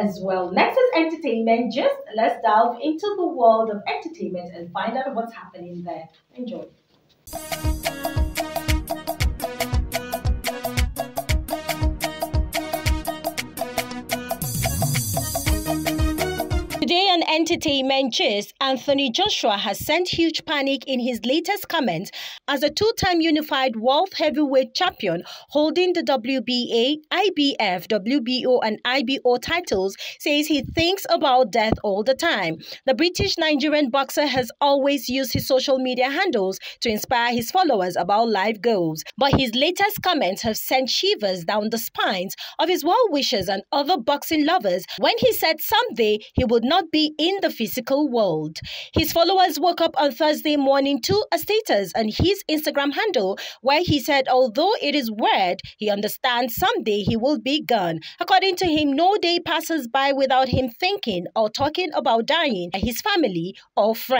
as well. Next is entertainment. Just let's delve into the world of entertainment and find out what's happening there. Enjoy. Today, on entertainment news, Anthony Joshua has sent huge panic in his latest comments as a two-time unified world heavyweight champion holding the WBA, IBF, WBO and IBO titles, says he thinks about death all the time. The British Nigerian boxer has always used his social media handles to inspire his followers about life goals, but his latest comments have sent shivers down the spines of his well-wishers and other boxing lovers when he said someday he would not not be in the physical world. His followers woke up on Thursday morning to a status on his Instagram handle where he said, although it is weird, he understands someday he will be gone. According to him, no day passes by without him thinking or talking about dying, his family or friends.